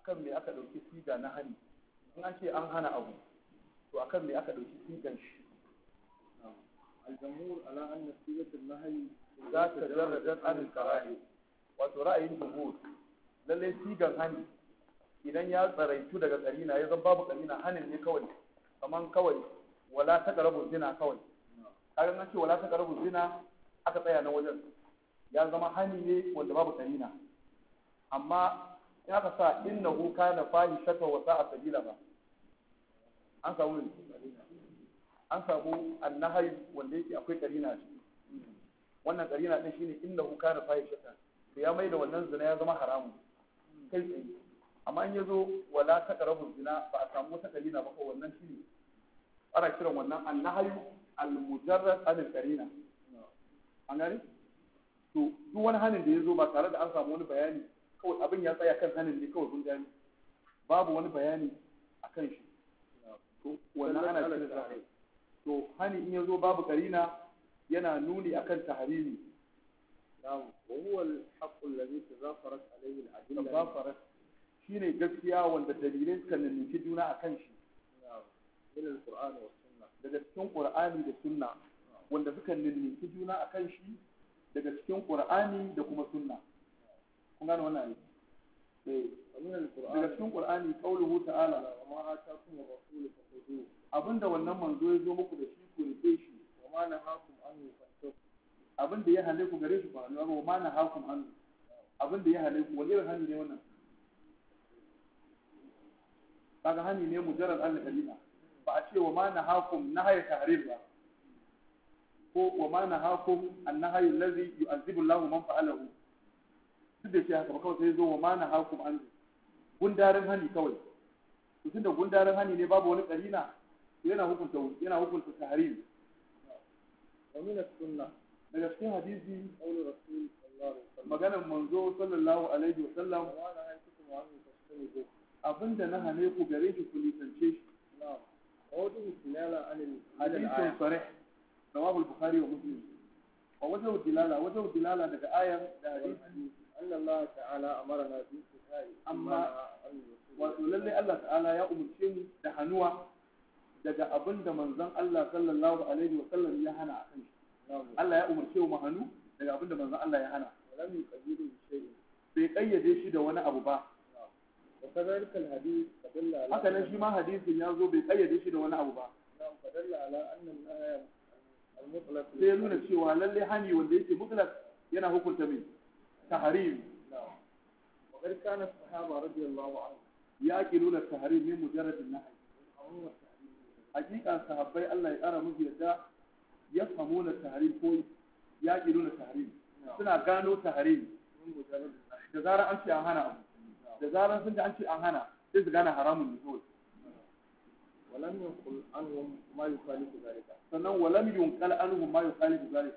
akan me aka ɗauki siga na hani in an ce an hana abu to akan me aka dauki sigan shi الجمهور على أن صيغة النهي إذا تجردت عن الكراهية وترأي الجمهور lallai sigan hani idan ya tsaraitu daga karina ya zan babu karina hanin ne kawai kaman kawai wala ta karabu zina kawai kaga nan ce wala ta karabu zina aka tsaya na wajen ya zama hani ne wanda babu karina amma in aka sa innahu kana fahishatan wa sa'a sabila ba an samu ne an samu annahayu wanda yake akwai karina shi wannan karina din shine hu kana fahishatan to ya maida wannan zina ya zama haramu kai tsaye amma in yazo wala taqrabu zina ba a samu wata karina ba ko wannan shine ana kiran wannan annahayu al-mujarrad an karina an gani to duk wani hanin da yazo ba tare da an samu wani bayani kawai abin ya tsaya kan hanin ne kawai kun gani babu wani bayani akan shi to wannan ana kiran to hani in yazo babu karina yana nuni akan taharimi na'am wa huwa al-haqqu alladhi tazafarat alayhi al-adilla tazafarat shine gaskiya wanda dalilai suka nunnuki juna akan shi al-qur'an wa daga cikin qur'ani da sunna wanda suka nunnuki juna akan shi daga cikin qur'ani da kuma sunna kun gane wannan ne eh daga cikin qur'ani qauluhu ta'ala wa ma ataakum ar-rasul fa abinda wannan manzo ya zo muku da shi ya ce shi wa ma na hakum an fantaku abinda ya hale ku gare shi ba wa ma na hakum an abinda ya hale ku wani irin hani ne wannan kaga hani ne jarar allah kalima ba a ce wa ma na hakum haya tahrim ba ko wa ma na hakum an nahayu allazi yu'azzibu Allahu man fa'alahu duk da shi haka ba kawai sai zo wa ma na hakum an gundarin hani kawai tun da gundarin hani ne babu wani ƙarina yana hukunta yana hukunta tahrim wa min as-sunnah daga cikin hadisi qawlu rasul sallallahu alaihi wasallam manzo sallallahu alaihi wasallam wa ana wa abinda na hane ku gare shi ku nisance shi na'am qawlu dilala anil al-bukhari wa muslim wa wajhu dilala wajhu dilala daga ayar da hadisi أن الله تعالى أمرنا بانتهاء أما ولله الله تعالى daga abin da manzon Allah sallallahu alaihi wa sallam ya hana a kan Allah ya umarce mu hannu daga abin da manzon Allah ya hana bai kayyade shi da wani abu ba haka nan shi ma hadisin ya zo bai kayyade shi da wani abu ba sai nuna cewa lalle hani wanda yake mutlak yana hukunta mai tahrim وقد كان الصحابة رضي الله عنهم يأكلون التحريم من مجرد النهي hakika sahabbai Allah ya kara musu yadda ya famo na tahrim ko ya kiru na tahrim suna gano tahrim da zarar an ce an hana abu da zarar sun ga an ce an hana sai su gane haramun ne kawai ولم ينقل عنهم ما يخالف ذلك sannan walam yunqal anhum ma yukhalifu zalik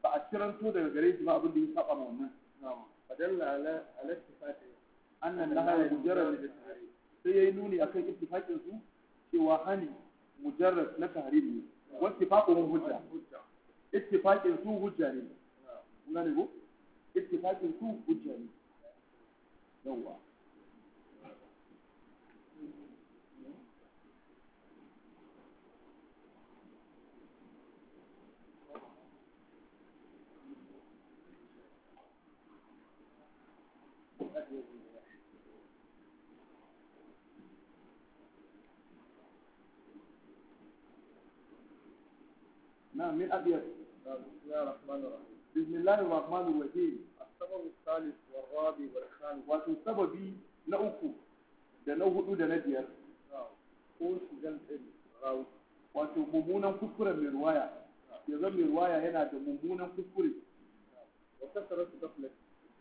ba a ciranto daga gare shi ba abin da ya saba ma wannan na'am fadalla ala ala istifati annan nahara mujarrad sai yayi nuni akan ittifaqin su cewa hani mujarrad na tahriri ne wasu faƙon hujja ittifaqin su hujja ne kun gane الرحمن الرحيم بسم الله الرحمن الرحيم السبب الثالث والرابع والخامس واتو سببي نأكو da na hudu da na biyar ko su gan tsari wato mummunan kuskure mai ruwaya ya mai ruwaya yana da mummunan kuskure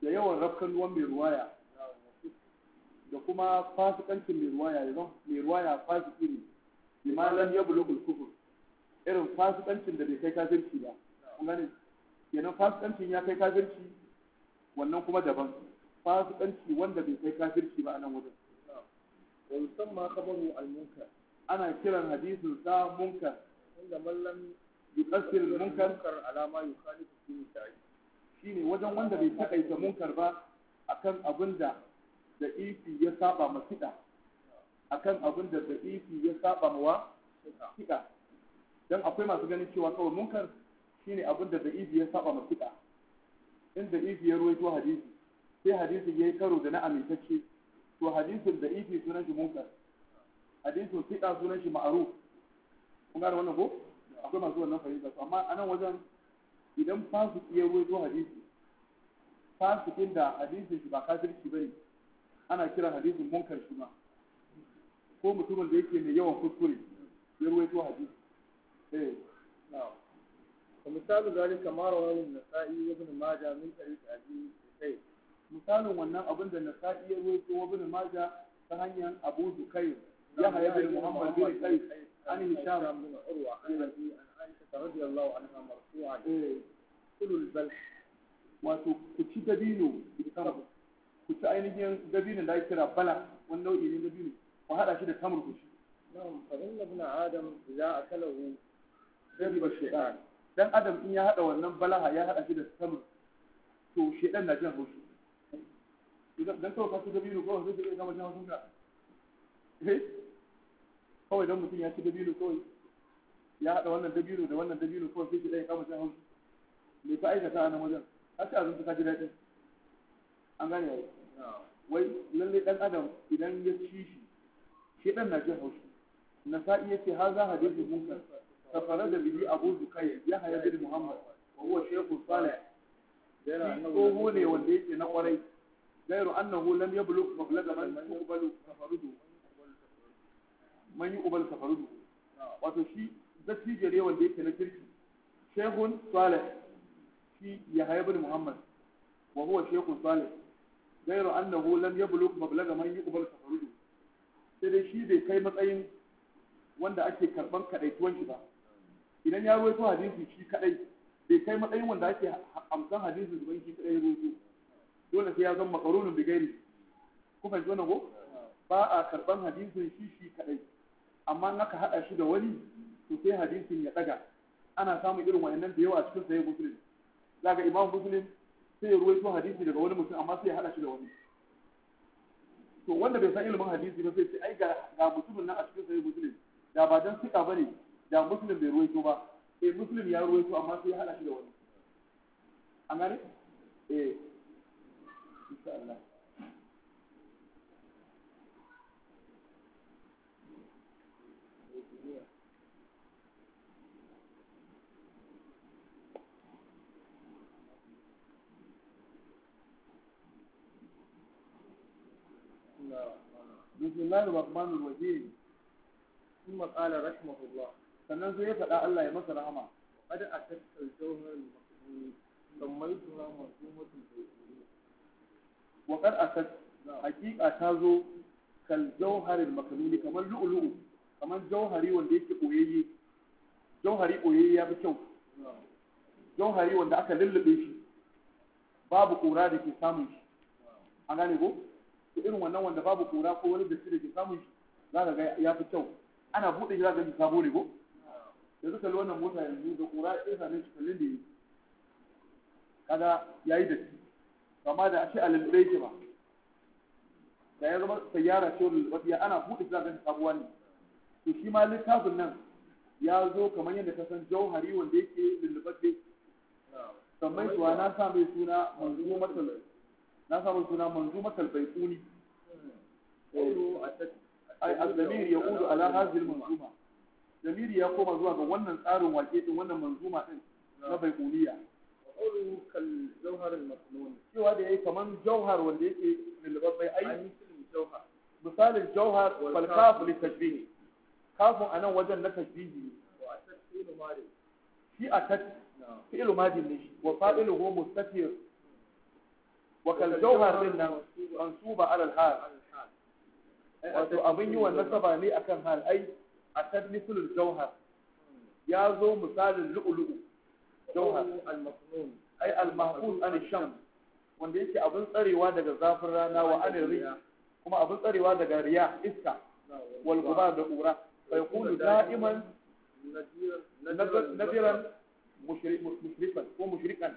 da yawan rafkan ruwan mai ruwaya da kuma fasikancin mai ruwaya ya zama mai ruwaya fasiki ne limalan ya bulugul kufur irin fasikancin da bai kai kafirci ba kenan fasikancin ya kai kafirci wannan kuma daban fasikanci wanda bai kai kafirci ba a nan wajen wa yusamma khabaru al-munkar ana kiran hadisin sa munkar inda mallam yuqassir al-munkar alama yukhalifu fi sa'i shine wajen wanda bai takaita munkar ba akan abin da da ifi ya saba ma kiɗa akan abin da da ifi ya saba ma wa kiɗa dan akwai masu ganin cewa kawai munkar shine abin da da'ifi ya saba mafiƙa? in da'ifi ya ruwaito hadisi sai hadisi ya yi karo da na amintacce to hadisin da'ifi sunan shi munkar hadisin fiƙa sunan shi ma'ruf kun gane wannan ko akwai masu wannan fahimta amma a nan wajen idan fasiki ya ruwaito hadisi fasikin da hadisin shi ba kafirci bane ana kiran hadisin munkar shi ma ko mutumin da yake mai yawan kuskure ya ruwaito hadisi eh na'am ومثال ذلك ما رواه النسائي وابن ماجه من طريق ابي زكير مثال wannan abin da Nasa'i ya rawaito ibn Majah ta hanyar Abu Zukair يحيى بن محمد بن قيس عن هشام بن عروة عن أبي عن عائشة رضي الله عنها مرفوعا كل البلح wato ku ci dabino bitamar ku ci ainihin dabino da ake kira bala wani nau'i ne dabino ku hada shi da tamar ku ci na'am fa inna ibn adam idza akalahu shariba shaytan dan adam in ya hada wannan balaha ya hada shi da samun to shedan na jan haushi dan kawai ka ci dabino kawai zai ka gama jin hoshi ka eh? kawai dan mutum ya ci dabino kawai ya hada wannan dabino da wannan dabino kawai sai shedan ya gama jan haushi me ka aikata a nan wajen har sai ka ji daɗin an gane yayi wai lalle dan adam idan ya ci shi shedan na jin haushi nasa'i yace haza hadithu munkar da biyu تفرد به أبو زكية يحيى بن محمد وهو شيخ صالح tsoho ne wanda yake na kwarai gairu annahu lam yablugh mablaga man yuqbalu tafarudu man yuqbal tafarudu wato shi dattijo ne wanda yake na kirki shehun salih shi yahya bin muhammad wa huwa shehun salih gairu annahu lam yablugh mablaga man yuqbal tafarudu sai dai shi bai kai matsayin wanda ake karban kadaituwan shi ba idan ya ruwaito hadisi shi kadai bai kai matsayin wanda ake amsan hadisin zuban shi kadai ruwaito dole sai ya zama makarunin bigari ku fahimci wannan ko ba a karban hadisin shi shi kadai amma in aka hada shi da wani to sai hadisin ya daga ana samun irin wayannan da yawa a cikin sahih muslim zaka imam muslim sai ya ruwaito hadisi daga wani mutum amma sai ya hada shi da wani to wanda bai san ilimin hadisi ba sai ai ga mutumin nan a cikin sahih muslim da ba dan sika bane da muslim bai ruwaito ba eh muslim ya ruwaito amma sai ya hada shi da wani an gane eh insha Allah بسم الله الرحمن الرحيم ثم قال رحمه الله sannan sai ya faɗa Allah ya masa rahama qad atakkal jawhar al-maqdud sammaytuha masumatul bayt wa qad atat haqiqa ta zo kal jawhar al-maqdud kamar lu'lu'u kamar jawhari wanda yake koyayye jawhari koyayye ya fi kyau jawhari wanda aka lullube shi babu kura da ke samun shi A gane ko to irin wannan wanda babu kura ko wani shi da ke samun shi za ka ga ya fi kyau ana buɗe shi za ka ji sabo ne ko yanzu kalli wannan mota yanzu da ƙura ya same cikin kalli da Kada ya yi da ba ma da a ce a lulluɓe ba da ya zama sayyara ce ya ana buɗe za ka sabuwa ne to shi ma littafin nan ya zo kamar yadda ka san jauhari wanda yake lulluɓaɓɓe sannan kuwa na sa mai suna manzu matal na sa mai suna manzu matal bai tsuni al ya yaqudu ala hadhihi manzuma Jamiri ya koma zuwa ga wannan tsarin wake din wannan manzuma din na baiquniya. Qawluhu kal jawhar al masnun. Cewa da yayi kaman jawhar wanda yake lulubabbai ai jawhar. Misalin jawhar wal kaf li tashbih. Kafun anan wajen na tashbihi. Wa at-tashbihu mari. Shi atat fi'lu madi ne shi wa fa'iluhu mustatir. Wa kal jawhar din nan mansuba ala al hal. Wato abin yi wa nasaba ne akan hal ai a tabbisul jauhar ya zo misalin lu'ulu'u jauhar ai al-mahfuz an sham wanda yake abin tsarewa daga zafin rana wa an riya kuma abin tsarewa daga riya iska wal gubar da kura fa yaqulu da'iman nadiran mushrifan ko mushrikan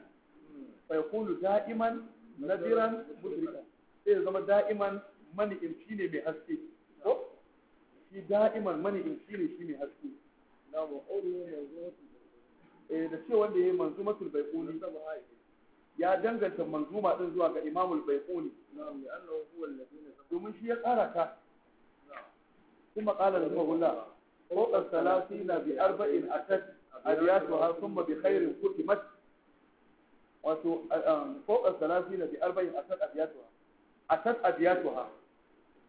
fa yaqulu da'iman nadiran mushrikan sai zama da'iman mani ne mai haske shi da'iman mani in shi ne shi ne haske na mu aure yanzu eh da ce wanda yayi manzumatul baiquni ya danganta manzuma din zuwa ga imamul bai na'am domin shi ya tsara ka kuma kala da qala kokar fawqa na bi arba'in a su har sun thumma bi khairin mat wato kokar fawqa na bi arba'in a a su har atat abiyatuha su har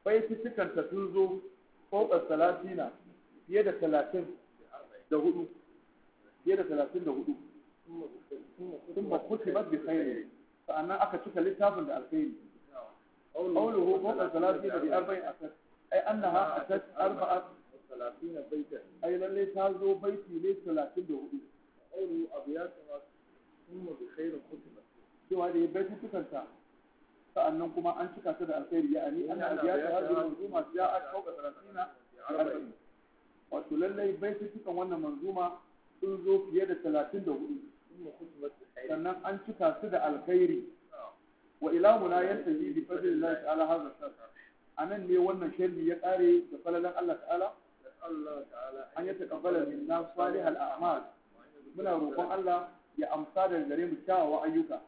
bai cikin cikanta sun zo fokar talatina fiye da talatin da hudu fiye da talatin da hudu sun ba kuce ba bi khairi sa'annan aka cika littafin da alkhairi qawluhu fokar talatina bi arba'in asad ai annaha asad arba'a talatina baita ai lalle ta zo baiti ne talatin da hudu qawluhu abiyatu sun bi ya baiti sa'annan kuma an cika ta da alkhairi ya ani ana abiyata hadhihi manzuma ja'at fawqa 30 arba'in wato lallai bai cikin wannan manzuma sun zo fiye da hudu. sannan an cika su da alkhairi wa ilahuna yantahi bi fadlillahi ta'ala hadha anan ne wannan sharri ya kare da falalan Allah ta'ala an yi taƙabbala minna salihal a'mal muna roƙon Allah ya amsa da gare mu kyawawan ayyuka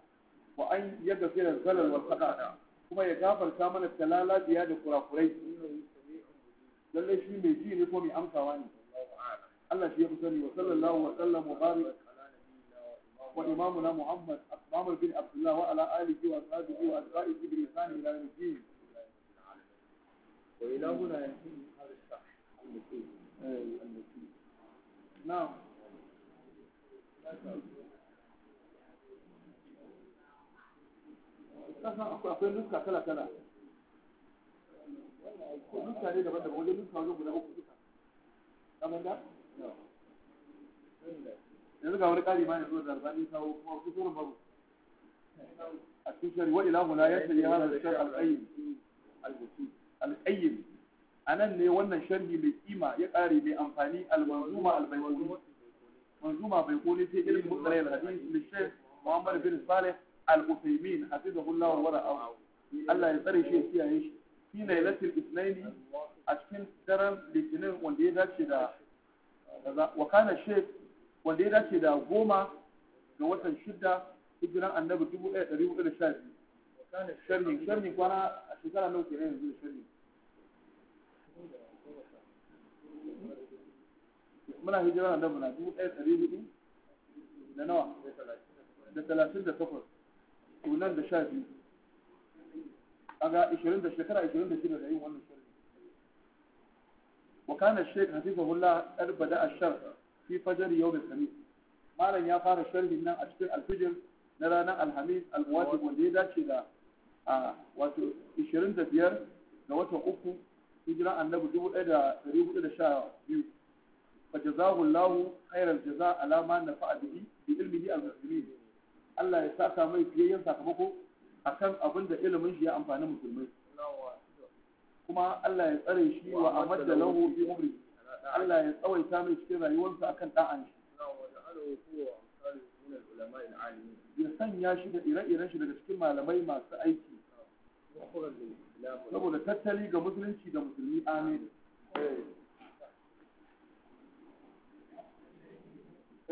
wa an yaghfira zalal wa khata'a kuma ya gafarta mana talala biya da kurakurai lalle shi mai ji ne ko mai amsawa ne Allah shi ya fi sani wa sallallahu wa sallam wa barik wa imamuna Muhammad Muhammad bin Abdullah wa ala alihi wa sahbihi wa ashabihi bi ihsan ila yawm الدين وإلى هنا ينتهي هذا الشرح المتين kasan akwai nuska kala kala nuska ne daban daban wajen nuska wajen guda uku duka kamar da yanzu ga wani ƙari ma ne zuwa zarbani kawo kuma wasu tsoron babu a cikin shari wa ilahu la yadda ya hada shar al'ayyim al'ayyim a nan ne wannan sharhi mai kima ya ƙare mai amfani al-manzuma al-baikuni manzuma baikuni sai ilmin mutsalayin hadis lishir muhammad bin salih al-Uthaymin hafizahullahu wa ra'ahu Allah ya tsare shi ya kiyaye shi fi lailatul ithnaini a cikin daren litinin wanda ya dace da wa kana shek wanda ya dace da goma ga watan shidda hijiran annabi dubu ɗaya ɗari hudu da sha biyu sharhin sharhin kwana a shekara nawa ke yanzu da sharhin muna hijira annabi na dubu ɗaya ɗari hudu da nawa da talatin da takwas nan da sha biyu kaga 20 da shekara 26 da yin wannan shirin. wa kana shaykh hafizahullah qad bada ashar fi fajr yawm al malam ya fara sharhin nan a cikin alfijir na ranar alhamis al wanda ya dace da wato 25 ga watan uku hijiran annabi 1412 فجزاه jaza خير الجزاء على ما نفع به بعلمه المسلمين Allah ya saka mai fiyayyen sakamako a kan abin da ilimin shi ya amfani musulmai kuma Allah ya tsare shi wa amadda lahu fi umri Allah ya tsawaita mai cikin rayuwarsa akan da'an shi ya sanya shi da ire-iren shi daga cikin malamai masu aiki saboda tattali ga musulunci da musulmi amin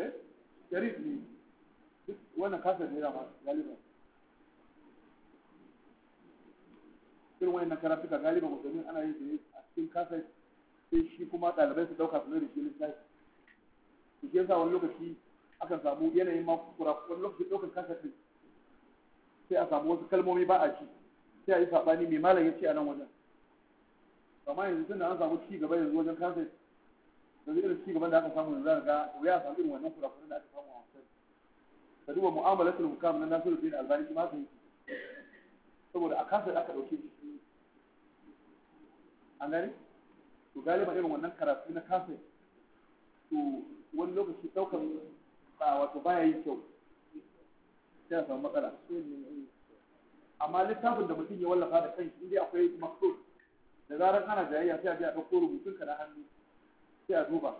eh wannan kasar ne dama galiban irin wannan karatuka galiban musulmin ana yin ne a cikin kasar sai shi kuma ɗalibai su ɗauka su mai da shi littafi to shi yasa wani lokaci aka samu yanayin ma kura wani lokaci ɗaukar kasar ɗin sai a samu wasu kalmomi ba a ci sai a yi saɓani mai malam ya ce a nan wajen amma yanzu tunda an samu ci gaba yanzu wajen kasar yanzu irin ci gaban da aka samu yanzu za ga wuya a samu irin wannan kura da aka samu a wasan ka duba mu'amalatul hukam na Nasiruddin Albani kuma haka yake saboda a kasa aka dauke shi an gari to galiba irin wannan karatu na kasa to wani lokaci daukar ba wato baya yin kyau sai a samu matsala amma littafin da mutum ya wallafa da kanshi inda akwai maksud da zarar ana jayayya sai a bi a ɗauko rubutun ka na hannu sai a duba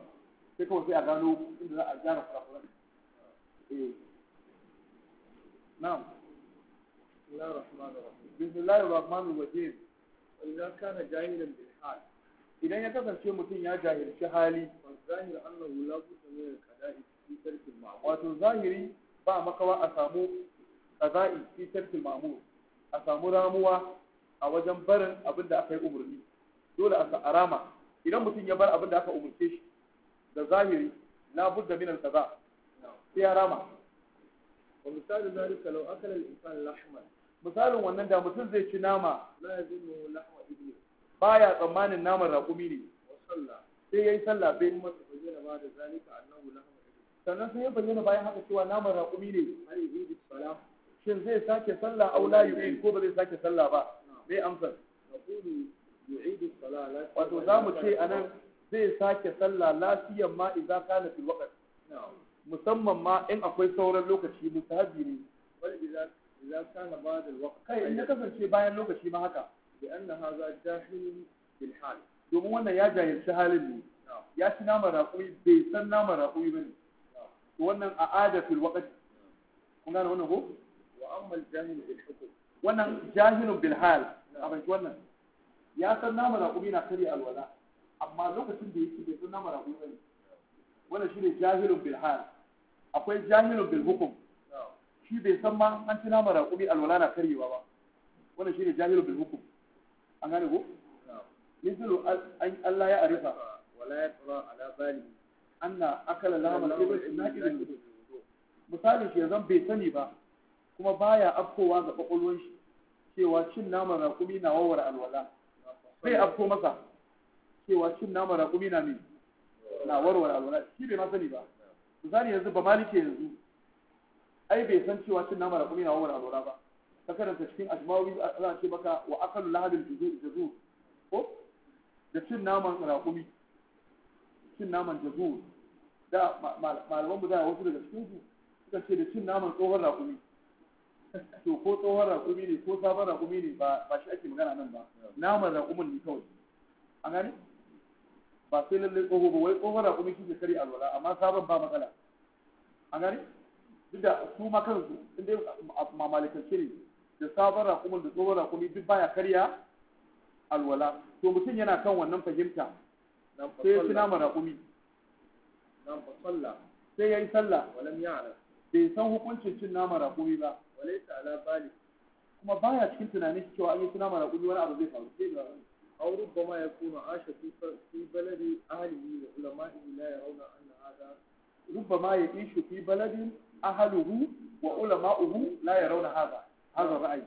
sai kawai sai a gano inda za a gyara kurakuran eh idan ya kasance mutum ya jahilci hali wato zahiri ba makawa a samu qada'i fi tarkil ma'mur a samu ramuwa a wajen barin abin da aka yi umarni dole a rama idan mutum ya bar abin da aka umarce shi da zahiri na budda min al za sai ya rama misalin wannan da mutum zai ci nama ba ya tsammanin naman raƙumi ne sai ya yi yayi sallah bai kuma ta bayyana ba da zalika sannan sai ya bayyana bayan haka cewa naman raƙumi ne har shin zai sake sallah aw la yu'id ko ba zai sake sallah ba bai amsa Wato za mu wato zamu ce anan zai sake sallah lafiyan ma idza kana fil waqt musamman ma in akwai sauran lokaci musahabi ne wal idza idza kana da waqt kai ya kasance bayan lokaci ma haka bi anna hadha jahil bil hal domin wannan ya jahilci halin ne ya ci nama raƙumi bai san nama raƙumi ne. to wannan a adatul waqt kun gane wannan ko wa amma al jahil wannan jahilun bil a bai wannan ya san nama raƙumi na karya alwala amma lokacin da yake bai san nama raƙumi ne. wannan shine jahilun bil akwai jahilun bil hukum shi bai san ma an ci nama raƙumi alwala na karyewa ba wannan ne jahilun bil hukum an gane ko misalu Allah ya arifa wala ya tsara ala bali anna akala lama na ibl naqidun misali shi zan bai sani ba kuma baya afkowa ga kwakwalwar shi cewa cin naman raƙumi na wawar alwala sai afko masa cewa cin naman raƙumi na ne na warware alwala shi bai ma sani ba misali yanzu ba malike yanzu ai bai san cewa cin nama da kuma yana wawar alora ba ka karanta cikin ajmawi za a ce maka wa akalu lahabin jazu ko da cin naman raƙumi cin naman jazu da malaman mu da wasu daga cikin su suka ce da cin naman tsohon raƙumi to ko tsohon raƙumi ne ko sabon raƙumi ne ba shi ake magana nan ba naman raƙumin ne kawai an gani ba sai lallai tsoho ba wai tsoho na kuma kike kare alwala amma sabon ba matsala a gani duk da su ma kansu in dai mamalikance ne da sabon raƙumin da tsohon raƙumi duk baya karya alwala to mutum yana kan wannan fahimta sai ya fi nama raƙumi sai ya yi sallah bai san hukuncin cin nama raƙumi ba kuma baya cikin tunanin cewa an yi ci nama raƙumi wani abu zai faru أو ربما يكون عاش في بلد أهله وعلمائه لا يرون أن هذا ربما يعيش في بلد أهله وعلماؤه لا يرون هذا هذا الرأي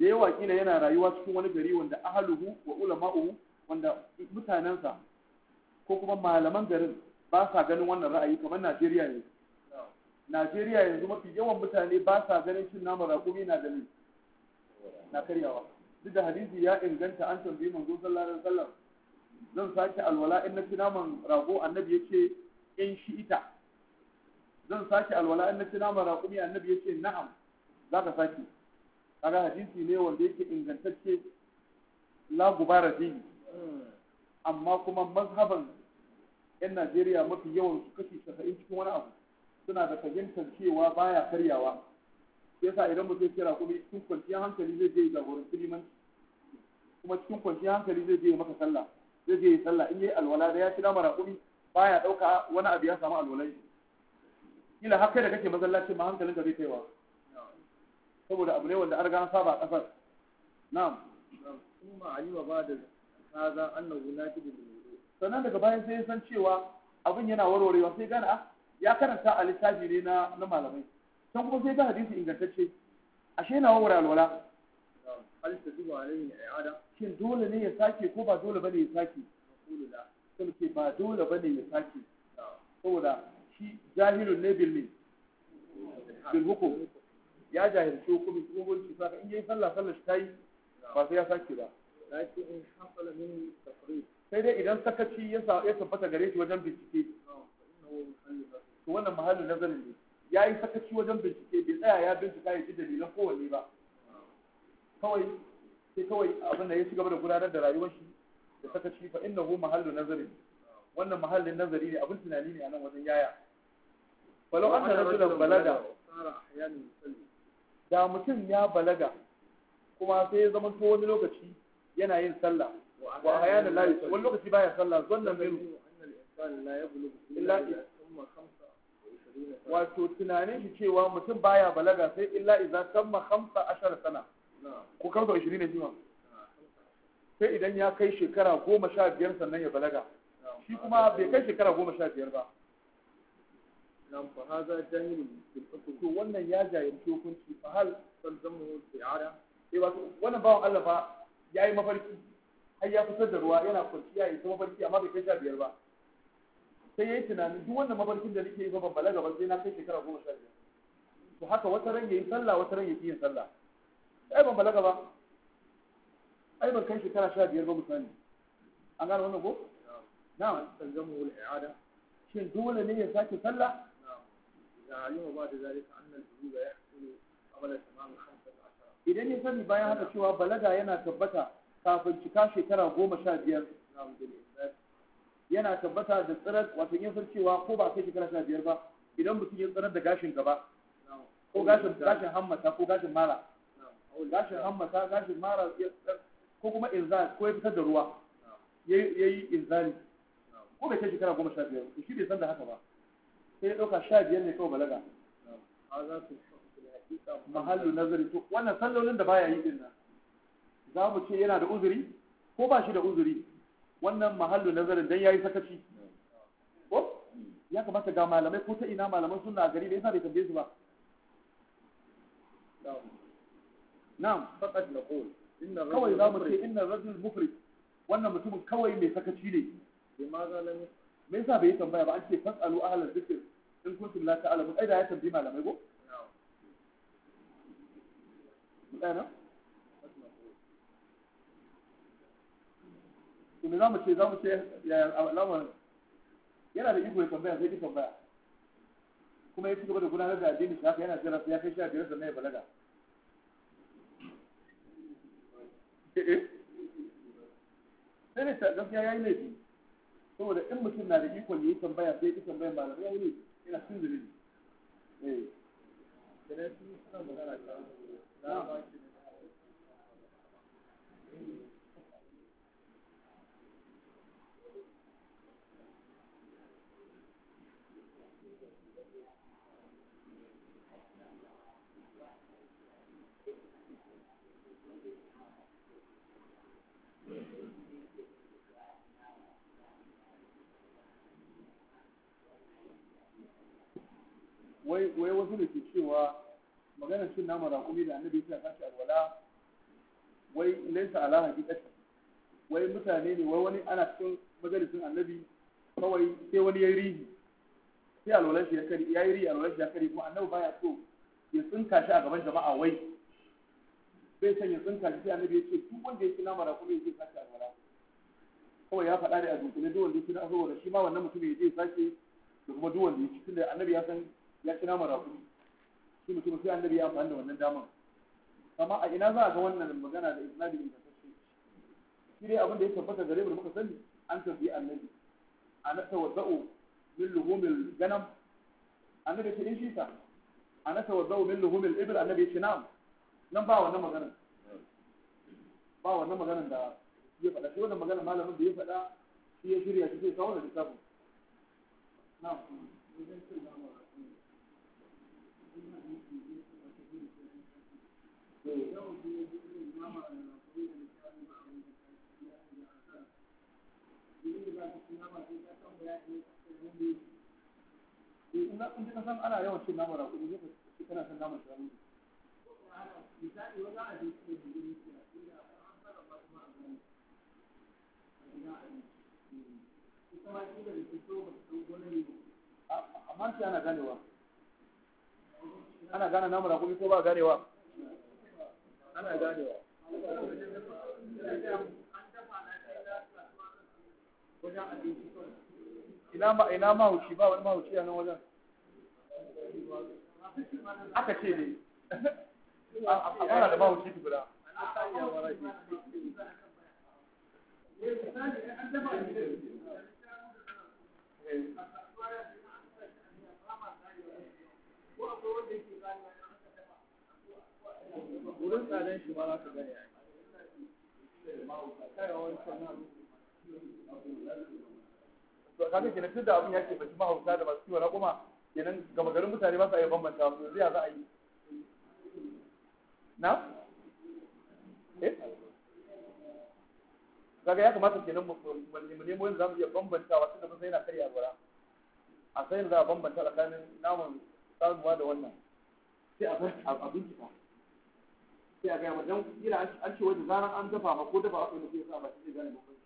da yawa kila yana rayuwa cikin wani gari wanda ahaluhu wa ulama'u wanda mutanensa ko kuma malaman garin ba sa ganin wannan ra'ayi kamar Najeriya ne Najeriya yanzu mafi yawan mutane ba sa ganin cin nama raƙumi na da na karyawa duk da hadisi ya inganta an tambayi manzo sallallahu alaihi wasallam zan sake alwala in na ci naman rago annabi yace in shi zan sake alwala in na ci naman raƙumi annabi yace na'am zaka sake kaga hadisi ne wanda yake ingantacce la gubara fihi amma kuma mazhaban yan Najeriya mafi yawan su kashi 70 cikin wani abu suna da fahimtar cewa baya karyawa yasa idan mutum kira kuma cikin kwanciyar hankali zai je jagoranci liman kuma cikin kwanciyar hankali zai je maka sallah zai je sallah in yi alwala da ya ci mara kuma baya dauka wani abu ya samu alwalai kila har kai da kake masallacin ma hankalin ka zai kaiwa saboda abu ne wanda an riga an saba a kasar na'am kuma alima ba da kaza annahu najibu sannan daga bayan sai ya san cewa abin yana warwarewa sai gana ah, ya karanta a littafi ne na malamai San kuma sai ga hadisi ingantacce ashe na wawar alwala hal alaihi yada. shin dole ne ya sake ko ba dole bane ya sake sun ce ba dole bane ya sake saboda shi jahilun ne bil bil hukum ya jahilci hukumin saka in sallah sallah shi ba sai ya sake ba sai dai idan sakaci ya tabbata gare shi wajen bincike to wannan mahallin nazarin ne ya yi sakaci wajen bincike bai tsaya ya bincika ya ji dalilan kowanne ba kawai sai kawai abin da ya ci gaba da gudanar da rayuwar shi da sakaci fa innahu mahallu nazarin wannan mahallin nazari ne abin tunani ne a nan wajen yaya falau an da rajulan balaga da mutum ya balaga kuma sai ya zama to wani lokaci yana yin sallah wa hayana la wani lokaci baya sallah zannan mai illa wato tunanin shi cewa mutum baya balaga sai illa idan kamma hamsa ashara sana ko kamsa ashirin ne jima sai idan ya kai shekara goma sha biyar sannan ya balaga shi kuma bai kai shekara goma sha biyar ba nan fa haza jahilin to wannan ya jahilci hukunci fa hal salzamu bi'ada eh wato wannan bawan Allah fa yayi mafarki har ya fitar da ruwa yana kwanciya ya mafarki amma bai kai sha biyar ba sai yayi tunanin duk wannan mafarkin da nake yi ba ban balaga ba sai na kai shekara goma sha biyar to haka wata ran yayi sallah wata ran yayi yin sallah ai ban balaga ba ai ban kai shekara sha biyar ba misali an gane wannan ko na'am tanzamu wal i'ada shin dole ne ya sake sallah na'am ba da zalika annal dhunuba ya qabla tamam idan ya sani bayan haka cewa balaga yana tabbata kafin cika shekara goma sha biyar na'am dole yana tabbata da tsirar wato yin san cewa ko ba kai shekara sha biyar ba idan mutum ya tsirar da gashin gaba ko gashin gashin hammata ko gashin mara gashin hammata gashin mara ko kuma inzal ko ya fitar da ruwa yayi inzali ko bai kai shekara goma sha biyar ba shi bai san da haka ba sai ya ɗauka sha biyar ne kawai balaga mahallu nazari to wannan sallolin da baya yi din nan za mu ce yana da uzuri ko ba shi da uzuri wannan mahallu nazarin dan yayi sakaci ko ya kamata ga malamai ko ta ina malaman suna gari da yasa bai tambaye su ba na'am faqat naqul inna kawai za mu ce inna rajul mufrid wannan mutumin kawai mai sakaci ne me yasa bai tambaya ba an ce fasalu ahlal zikr in kuntum la ta'lamun ai ya tambayi malamai ko na'am to me za mu ce za mu ce ya al'amarin yana da iko ya tambaya sai ki tambaya kuma ya ci gaba da gudanar da addini shi haka yana jira sai ya kai sha biyar sannan ya balaga eh, eh. sai ne gaskiya ya yi laifi saboda in mutum na da ikon ya yi tambaya sai ya ki tambaya ba da ya yi laifi yana cin zunubi eh wai wasu da ke cewa magana cin nama kuma da annabi ta sashi alwala wai laisa ala haqiqati wai mutane ne wai wani ana cikin majalisin annabi kawai sai wani ya yi rihi sai alwala shi ya kari yayi yi rihi alwalar shi ya kari kuma annabi baya so ya tsinka shi a gaban jama'a wai sai san ya tsinka shi sai annabi ya ce duk wanda ya ci nama raƙumi ya je sashi alwala kawai ya faɗa da a dunkule duk wanda ya ci na da shi ma wannan mutum ya je sashi da kuma duk wanda ya ci tunda annabi ya san ya ci nama rakumi shi mutum sai annabi ya amfani da wannan damar? amma a ina za a ga wannan magana da isnadi da tafsiri shi dai abin da ya tabbata gare mu muka sani an tafi annabi ana tawazza'u min luhumil ganam annabi ce in shi ta ana tawazza'u min luhumil ibil annabi ce na'am nan ba wannan magana ba wannan magana da ya faɗa Sai wannan magana malamin da ya faɗa shi ya shirya shi zai kawo da littafin na'am in ka san ana yawan cin ne kana san shanu misali a jikin da a amma ana ganewa ana gane naman rakumi ko ba ganewa ana ganewa ina mahauci ba wani mahauci a nan wajen aka ce ne a fara da mahauci Thank eh. you. wurin tsadan shi ma za ka gane to kaga kenan tunda abin ya ce baki mahauta da masu kiwon kuma kenan gama garin mutane ba sa iya bambanta su zai za a yi na eh kaga ya kamata kenan mu nemo yadda za mu iya bambantawa tunda mun san yana karya gura a sai za a bambanta tsakanin naman samuwa da wannan sai a bincika sai an ce wanda zaran an dafa ma ko dafa aka yi mutum ya sa ba shi zai gane wai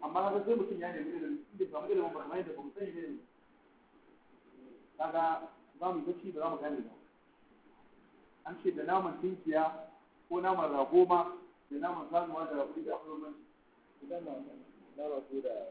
amma sai mutum ya nemi ilimin ba mu ilimin da ba mu sani ne kaga za mu ba za mu gane ba an da naman tinkiya ko naman rago ma da naman da rago da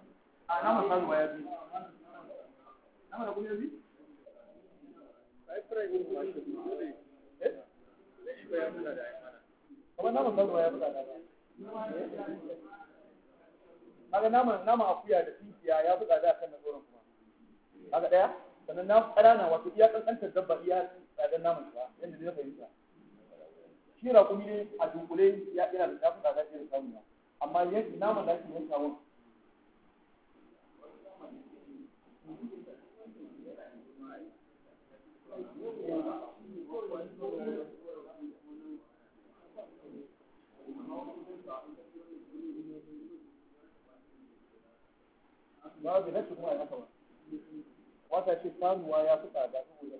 nama sanuwa ya bi nama ya bi kuma nama sanuwa ya buga kaga nama nama akuya da tsinkiya ya buga da kan nazoran kuma kaga daya sannan na ƙanana wato iya kankantar dabba iya tsadan naman ba yadda zai fahimta shi raƙumi ne a dunkule ya ina da ya buga da irin samuwa amma yadda naman da ake yankawa ba bi na kuma ya wata ce samuwa ya fi tsada saboda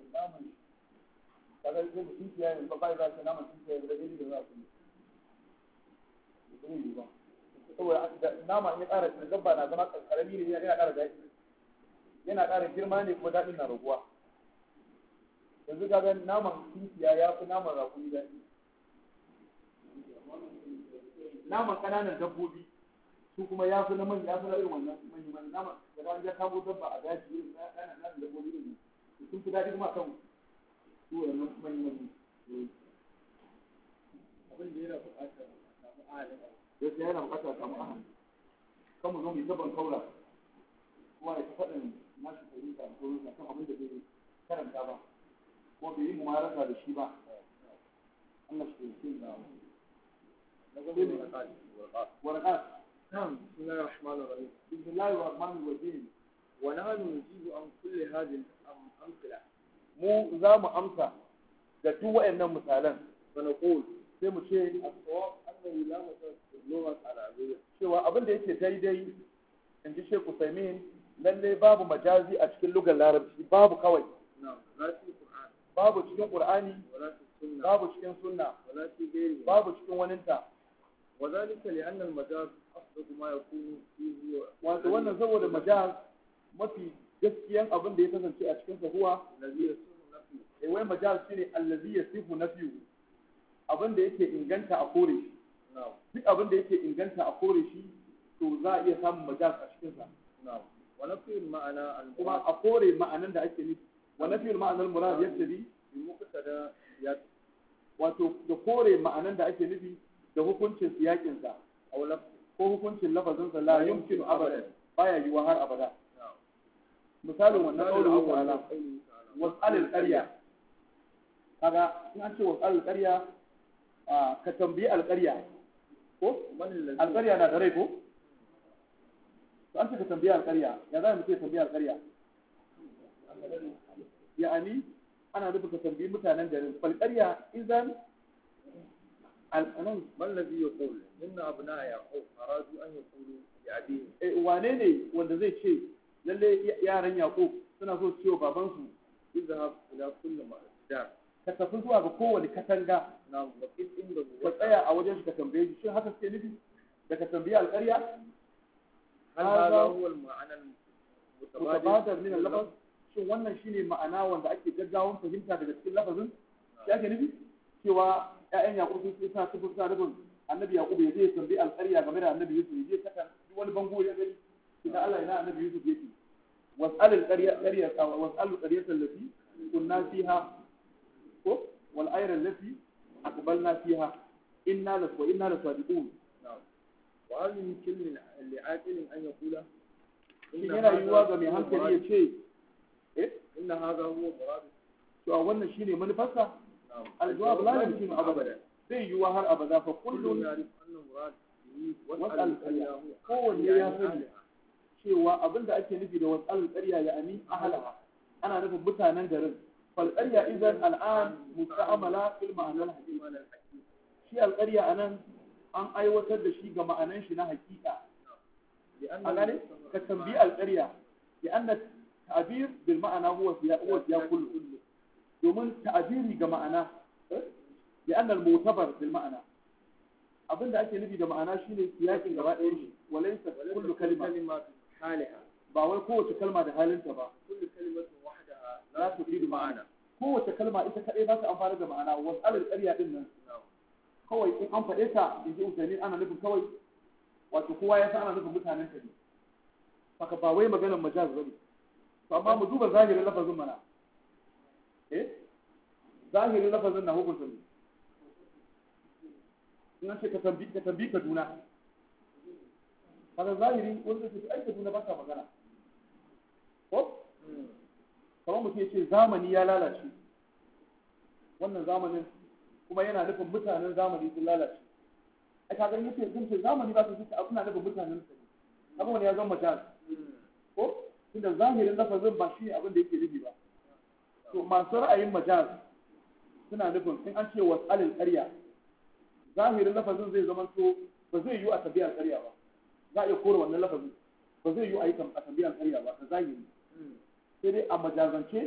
ba ya da za su yi ba saboda nama ya ƙara da dabba na zama karami ne yana ƙara daɗi yana ƙara girma ne kuma daɗin na raguwa yanzu ga naman ya fi naman daɗi naman ƙananan dabbobi su kuma ya fi na manya ya fi na irin wannan manya nama da ba kamo dabba a daji irin na kana da gobe irin sun fi daɗi kuma kan su yana buƙatar samu ahalin yi kaura kuma ya faɗin abin da bai karanta ba ko bai da shi ba Allah نعم بسم الله الرحمن الرحيم بسم الله الرحمن الرحيم ونحن نجيب عن كل هذه الأمثلة amsa da duk waɗannan misalan sanaqul sai mu ce as-sawab annahu cewa abin da yake daidai in ji Sheikh Usaimin lalle babu majazi a babu kawai babu cikin Qur'ani babu cikin sunna babu cikin waninta وذلك لأن المجاز wato wannan saboda majaz mafi gaskiyan abin da ya kasance a cikin sahuwa, e wai majaz shine allazi yasifu nafiyu abin da yake inganta a kore shi duk abin da yake inganta a kore shi to za a iya samun majaz a cikin sa wa nafiyul ma'ana kuma a kore ma'anan da ake nufi wa nafiyul ma'ana al murad yattabi wato da kore ma'anan da ake nufi da hukuncin siyakin sa ko hukuncin lafazin sa la yumkinu abada baya wa har abada misalin wannan kaulin Wasu was'alil karya. kaga in an ce was'alil karya ka tambayi alƙarya ko alƙarya na da rai ko to an ce ka tambayi alƙarya ya za mu ce tambayi alƙarya ya'ani ana nufin ka tambayi mutanen garin falƙarya izan al'anan mallazi ya kowal inna abu na yaƙo a razu an ya kulu ya abi wane ne wanda zai ce lalle yaran yaƙo suna so ciwo babansu izhab ila kulli da. ka tafi zuwa ga kowane katanga na waqif inda ka tsaya a wajen shi ka tambaye shi shin haka suke nufi da ka tambaye alƙarya hal hadha huwa al-ma'ana min al-lafz shin wannan shine ma'ana wanda ake gaggawan fahimta daga cikin lafazin shi ake nufi cewa ƴaƴan Yaqub sun sa su furta rubun annabi Yaqub ya je tambayi alƙarya game da annabi Yusuf ya je saka duk wani bango ya gani ina Allah na annabi Yusuf yake was'al alqarya qarya was'al alqaryata allati kunna fiha ko wal ayra allati aqbalna fiha inna la wa inna la sadiqun wa hal yumkin li aqilin an yaqula yana yiwuwa ga mai hankali ya ce eh inna hadha huwa murad to a wannan shine manufarsa الجواب لا يمكن أبدا zai yiwuwa har abada fa kullum wasal ƙarya kowanne ya sani cewa abin da ake nufi da wasal ƙarya ya ani ahalaha ana nufin mutanen garin fal ƙarya idan al'an musta'amala fil ma'anar hakika shi al ƙarya anan an aiwatar da shi ga ma'anan na hakika ka tambayi al ya ta'bir bil domin ta'abiri ga ma'ana da eh, annal mutabar bil ma'ana abinda ake nufi da ma'ana shine siyakin gaba ɗaya ne walaysa kullu kalima halaha ba wai kowace kalma da halinta ba kullu kalimatu wahdaha la tufidu ma'ana kowace kalma ita kadai ba ta amfana da ma'ana wa wasalar ƙarya din nan kawai in an faɗe ta in ji usani ana nufin kawai wato kowa ya san ana nufin mutanen ta ne saka ba wai maganar majaz bane to amma mu duba zahirin lafazin mana eh zahirin lafazin na hukunta ne in ce ka tambi ka duna kaga zahiri wanda ke ai duna ba ka magana ko kama mutum ya ce zamani ya lalace wannan zamanin kuma yana nufin mutanen zamani sun lalace a kaga yi ce sun ce zamani ba su suke abu na nufin mutanen su abu wani ya zama jazz. ko tunda zahirin lafazin ba shi abin da yake nufi ba to masu ra'ayin majaz suna nufin in an ce wasalin ƙarya zahirin lafazin zai zama to ba zai yiwu a tabiyar ƙarya ba za a iya kore wannan lafazin ba zai yiwu a yi a tabiyar ƙarya ba ta zahiri sai dai a majazance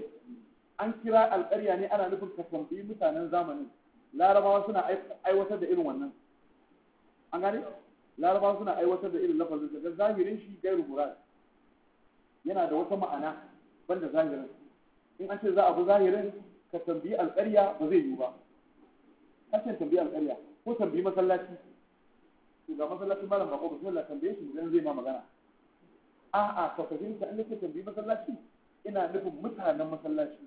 an kira alƙarya ne ana nufin ka tambayi mutanen zamanin larabawa suna aiwatar da irin wannan an gane larabawa suna aiwatar da irin lafazin daga zahirin shi gairu murad yana da wata ma'ana banda zahirin in an ce za a bu zahirin ka tambayi alƙarya ba zai yiwu ba an ce tambayi alƙarya ko tambayi masallaci to ga masallacin malam bako ba sallah tambaye shi idan zai ma magana a'a ka fahimta an nake tambayi masallaci ina nufin mutanen masallaci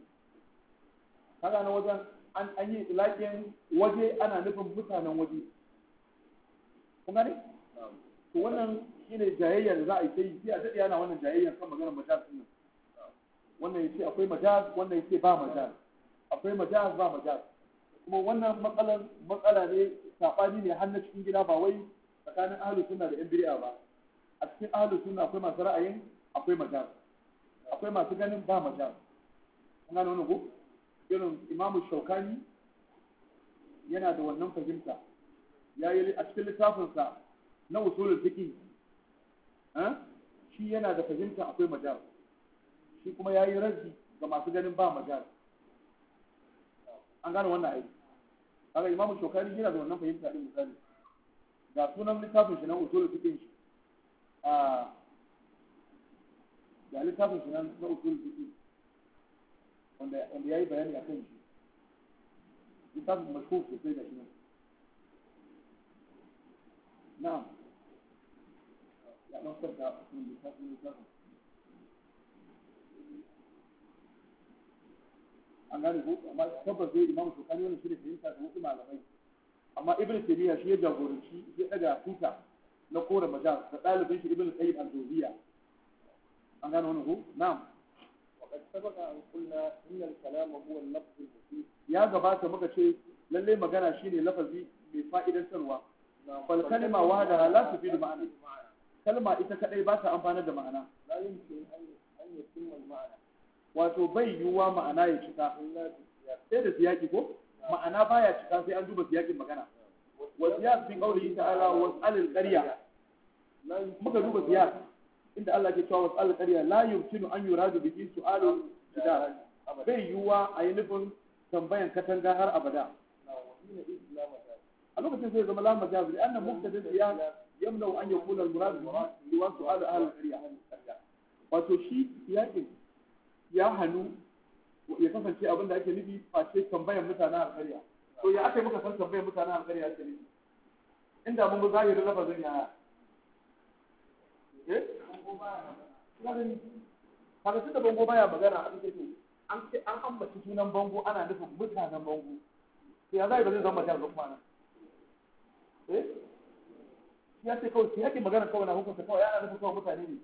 kaga na wajen an an yi laƙin waje ana nufin mutanen waje kun gane to wannan shine jayayya da za a yi sai a daɗe ana wannan jayayyar kan maganar matasin nan wannan ya ce akwai majaz wannan ya ce ba majaz akwai majaz ba majaz kuma wannan matsalar matsala ne sabani ne har na cikin gida ba wai tsakanin ahlus sunna da yan bid'a ba a cikin ahlus sunna akwai masu ra'ayin akwai majaz akwai masu ganin ba majaz an gano wani ko irin imamu shaukani yana da wannan fahimta ya yi a cikin littafinsa na usulul fiqh eh, shi yana da fahimta akwai majaz shi kuma ya yi raddi ga masu ganin ba majal an gane wannan aiki kaga imamu shokari yana da wannan fahimta din misali ga sunan littafin shi nan usul fiqh shi a ga littafin shi nan na usul fiqh wanda wanda yayi bayani a kan shi littafin mashhur sosai da shi nan na'am ya dan sarka littafin littafin an gane ko amma tabbas zai imamu su kan yi wani shine fahimta da wasu malamai amma ibn taymiya shi ya jagoranci ya ɗaga tuta na kore majal da ɗalibin shi ibn qayyim al-jawziya an gane wani ko na'am ya gabata muka ce lalle magana shine lafazi mai fa'idan sanwa fal kalima wahdaha la tufidu ma'ana kalma ita kadai ba ta amfana da ma'ana la yumkin an yatimma al-ma'ana wato bai yiwuwa ma'ana ya cika sai da siyaki ko ma'ana baya cika sai an duba siyakin magana wa siyaq min qawlihi ta'ala was'alil qarya muka duba siyaq inda Allah ke cewa was'alil qarya la yumkinu an yuradu bihi su'alu jidar bai yiwuwa a yi nufin tambayan katanga har abada a lokacin sai zama lamar jazir an na muktadin siyaq yamnau an yakuna al-murad bihi su'alu ahli al-qarya wato shi siyakin ya hannu ya kasance abin da ake nufi face tambayar mutanen alƙarya to ya aka yi muka san tambayar mutanen alƙarya ake nufi inda mun ga zahirin lafazin yaya eh kaga cikin bango baya magana a cikin an ce an ambaci sunan bango ana nufin mutanen bango to ya zai ba zama jami'in kwana eh ya ce kawai sai yake magana kawai na hukunta kawai ana nufin kawai mutane ne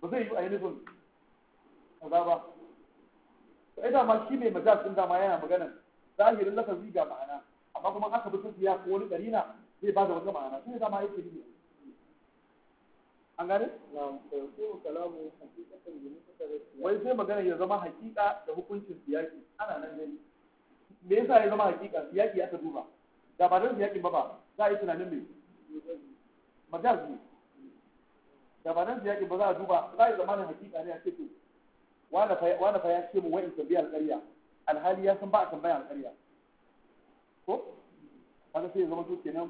ba zai yi a yi nufin kaza ba sai ma shi mai majaz din dama yana magana zahirin lafazi ga ma'ana amma kuma aka bi sun ya ko wani darina zai ba da wata ma'ana sai dama yake ne an gane wai sai magana ya zama hakika da hukuncin siyaki ana nan dai me yasa ya zama hakika siyaki aka duba da ba don siyakin ba ba za a yi tunanin me majal ne da ba don siyaki ba za a duba za a yi zamanin hakika ne a cikin وانا في وانا في هاي الشيء وين تبيع القرية أنا هاي اللي يسمع كم بيع القرية هو هذا شيء زي ما تقول كنا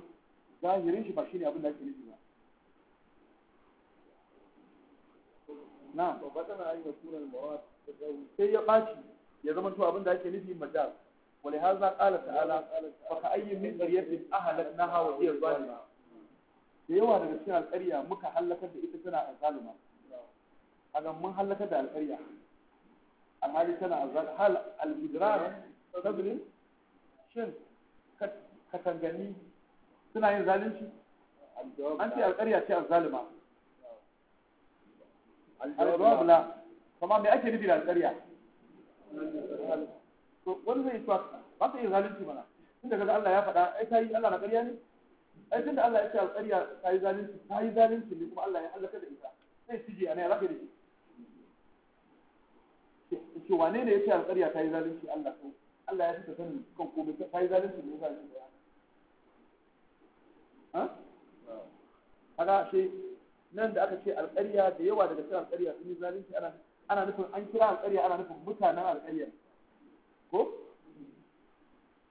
ظاهرين شو بعشيني قبل لا تجي نعم وبعدين أيوة طول المراد هي ماشي يا زمان شو أبن دايك في مجال ولهذا قال تعالى فكأي من قرية أهلكناها وهي ظالمة هي واحدة من القرية مكحلة بإتسنا الظالمة نعم. هذا من حلة ده القرية amma dai tana azar hal al-idrar sabrin shin katanganni suna yin zalunci an ce alƙarya ce azzalima al-jawab la kuma me ake nufi da alƙarya to wani zai cewa ba ta yin zalunci mana tunda kaga Allah ya faɗa ai kai Allah na ƙarya ne ai tunda Allah ya ce alƙarya ta yi zalunci ta yi zalunci ne kuma Allah ya halaka da ita sai cije ana ya zaka da shi ke wane ne ya ce alƙarya ta yi zalunci Allah ko Allah ya fita sanin kan komai ta yi zalunci ne zalunci ba ha kaga shi nan da aka ce alƙarya da yawa daga cikin alƙarya sun yi zalunci ana ana nufin an kira alƙarya ana nufin mutanen alƙarya ko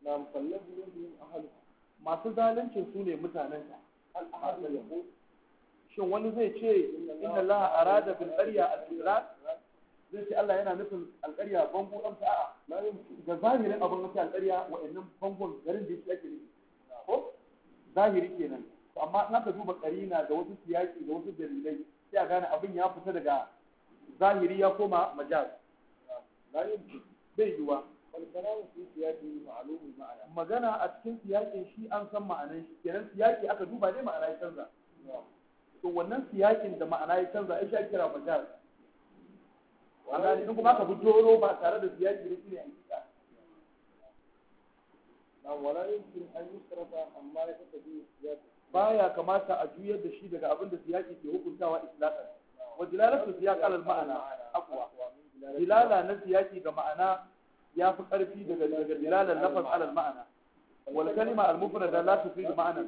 na musallan biyun ahalu masu zaluncin su ne mutanen al'ahar da yabo shin wani zai ce inna Allah arada bil qarya al-iran zai ce Allah yana nufin alƙarya bango ɗan ta'a. da zahirin abin nufi alƙarya wa'annan bangon garin da yake ake nufi ko zahiri kenan amma na ka duba ƙarina da wasu siyaki da wasu dalilai sai a gane abin ya fita daga zahiri ya koma majaz bai yiwa magana a cikin siyakin shi an san ma'anan shi kenan siyaki aka duba ne ma'ana ya canza to wannan siyakin da ma'ana ya canza ai shi kira majaz wannan in kuma ka bi doro ba tare da siyaki da shine hakika nan wala yumkin an yusrafa amma ya tafi bi siyaki baya kamata a juyar da shi daga abin da siyaki ke hukuntawa islaqan wa dilalatu siyaq al ma'ana aqwa dilala na siyaki ga ma'ana ya fi ƙarfi daga daga dilalan lafaz al ma'ana wal kalima al mufrada la tufidu ma'ana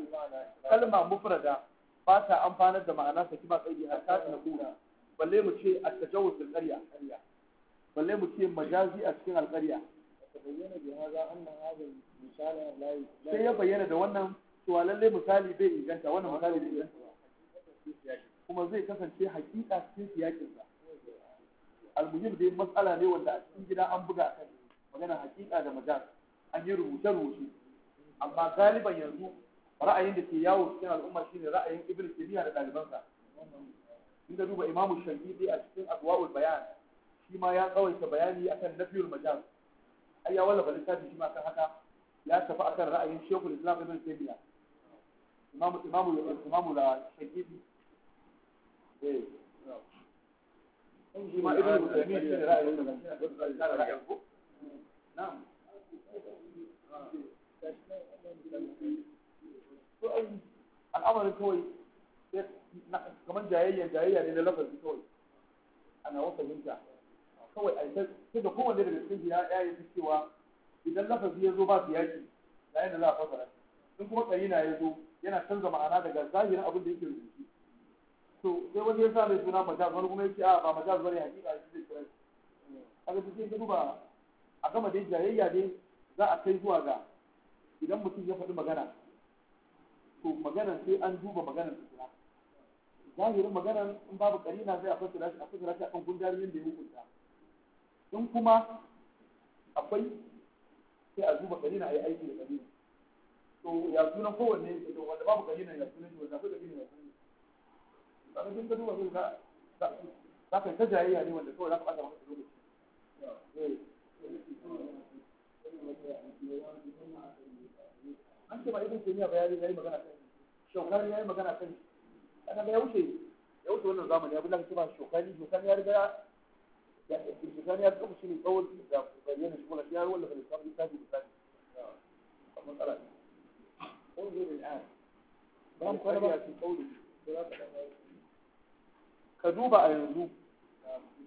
kalma mufrada ba ta amfanar da ma'ana saki ba kai har ta na kula balle mu ce a tajawuz ƙarya ƙarya balle mu ce majazi a cikin alƙarya sai ya bayyana da wannan cewa lalle misali bai inganta wannan misali bai inganta kuma zai kasance hakika cikin siyakinsa almuhim dai matsala ne wanda a cikin gida an buga kan magana hakika da majaz an yi rubuce-rubuce amma galiban yanzu ra'ayin da ke yawo cikin al'umma shine ra'ayin ibn taymiya da ɗalibansa إذا دوب إمام الشنجيدي أجسين أقواء البيان فيما يقوى بياني أكان نفي المجال أي أولا فالإنسان بشما كان حكا لا أتفع أكان رأي شيخ الإسلام ابن تيمية إمام إمام الإمام الشنجيدي إيه نعم الأمر الكويس kamar jayayya jayayya ne na lafazin kawai ana wasa minta kawai a ta da kowanne daga cikin ya ya yi cewa idan lafazi ya zo ba su yaki ga yadda za a fasara in kuma na ya zo yana canza ma'ana daga zahirin abin da yake rubutu to sai wani ya sa mai suna majaz wani kuma ya ce a ba majaz bane hakika shi zai kira a ga cikin duba a gama dai jayayya ne za a kai zuwa ga idan mutum ya faɗi magana to maganar sai an duba maganar suna zahirin magana in babu karina sai a fassara shi a fassara shi akan gundarin da ya hukunta in kuma akwai sai a zuba karina a yi aiki da karina to ya sunan kowanne to wanda babu karina ya sunan shi wanda akwai karina ya sunan shi ba ka duba sai ka za ka yi ta jayayya ne wanda kawai za ka ɓata masa lokaci an ce ba ibn taymiya bayani yayi magana kan shaukari yayi magana kan انا ما يوش يوش wannan zamani abin da kake ba shokani shokani ya riga ya shokani ya tsubu shi ne kawai da bayyana shi kuma shi ya wallafa lissafi lissafi lissafi amma tsara انظر الان بان kwana ba su kauli ka duba a yanzu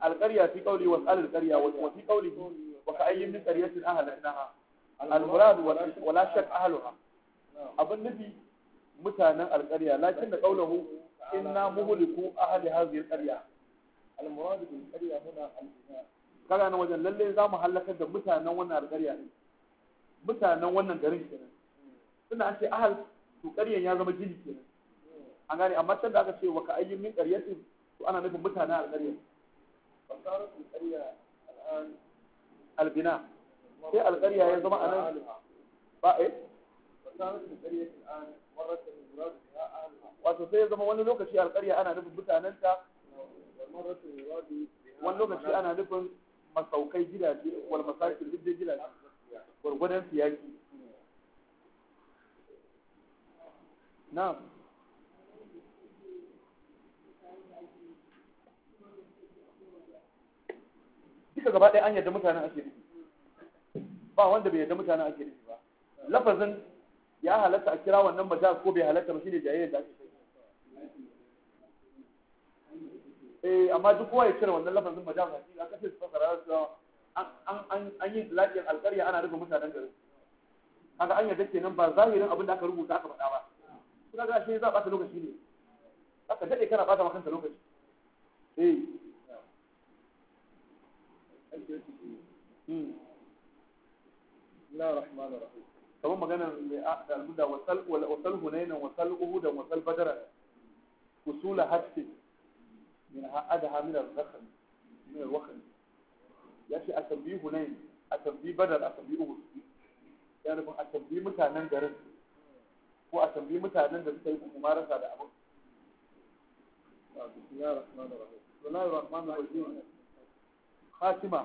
القرية في قولي واسأل القرية وفي قولي وكأي من قرية أهلكناها المراد ولا شك أهلها أبن نبي mutanen alƙarya lakin da qawluhu inna muhliku ahli hadhihi alqarya al-murad bil qarya huna al-iman kaga nan wajen lalle za mu halakar da mutanen wannan alƙarya ne mutanen wannan garin kenan suna ce ahal to ƙaryan ya zama jini kenan an gane amma tunda aka ce wa ka ayyin min qaryatin to ana nufin mutanen alƙarya fasarar alƙarya al'an albina sai alƙarya ya zama anan ba eh fasarar ƙarya al'an warrat wato sai ya zama wani lokaci alƙarya ana nufin mutanenta wani lokaci ana nufin masaukai gidaje wal masakin duk gidaje gwargwadon siyaki na duka gaba ɗaya an yadda mutanen ake nufi ba wanda bai yadda mutanen ake nufi ba lafazin ya halatta a kira wannan ba ko bai halatta ba shine jayayya da ake eh amma duk kowa ya kira wannan lafazin majaz hakika aka ce su fara su an an yi lafiyar alƙarya ana rufe mutanen garin kaga an yadda kenan ba zahirin abin da aka rubuta aka faɗa ba kuma ga shi za a ɓata lokaci ne aka daɗe kana ɓata makanta lokaci eh بسم الله الرحمن الرحيم kamar magana da albuda wasal wasal hunainan wasal uhudan wasal badara usula hatti min ha'adaha min al-zakhr min al ya ce a tambayi hunain a tambayi badar a tambayi uhud ya nufin a tambayi mutanen garin ko a tambayi mutanen da suka yi umarasa da abin بسم الله الرحمن الرحيم بسم الله الرحمن الرحيم خاتمة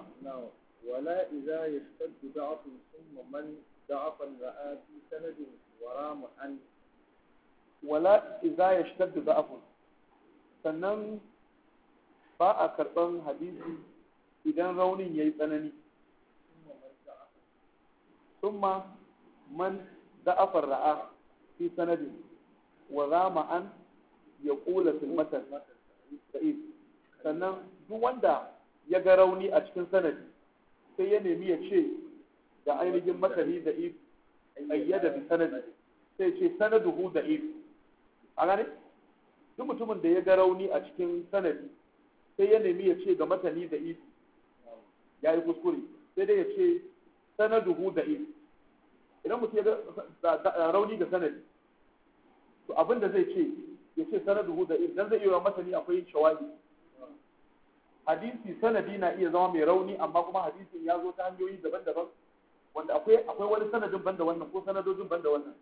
ولا إذا يشتد ضعف ثم من ضعف رأى في سند ورام عن ولا إذا يشتد ضعف sannan ba a karɓar hadisi idan raunin ya yi tsanani summa man da'afar ra'a fi sanadin wa rama an ya ƙula filmatar sannan duk wanda ya ga rauni a cikin sanadi sai ya nemi ya ce da ainihin masari da if ayyada bi sanadi sai ce sanaduhu da if a gane duk mutumin da ya ga rauni a cikin sanadi sai ya nemi ya ce ga matani da if ya yi kuskure sai dai ya ce sanaduhu da if idan mutum ya ga rauni da sanadi to abin da zai ce ya ce sanaduhu da if dan zai iya matani akwai shawagi hadisi sanadi na iya zama mai rauni amma kuma hadisin ya zo ta hanyoyi daban-daban wanda akwai akwai wani sanadin banda wannan ko sanadojin banda wannan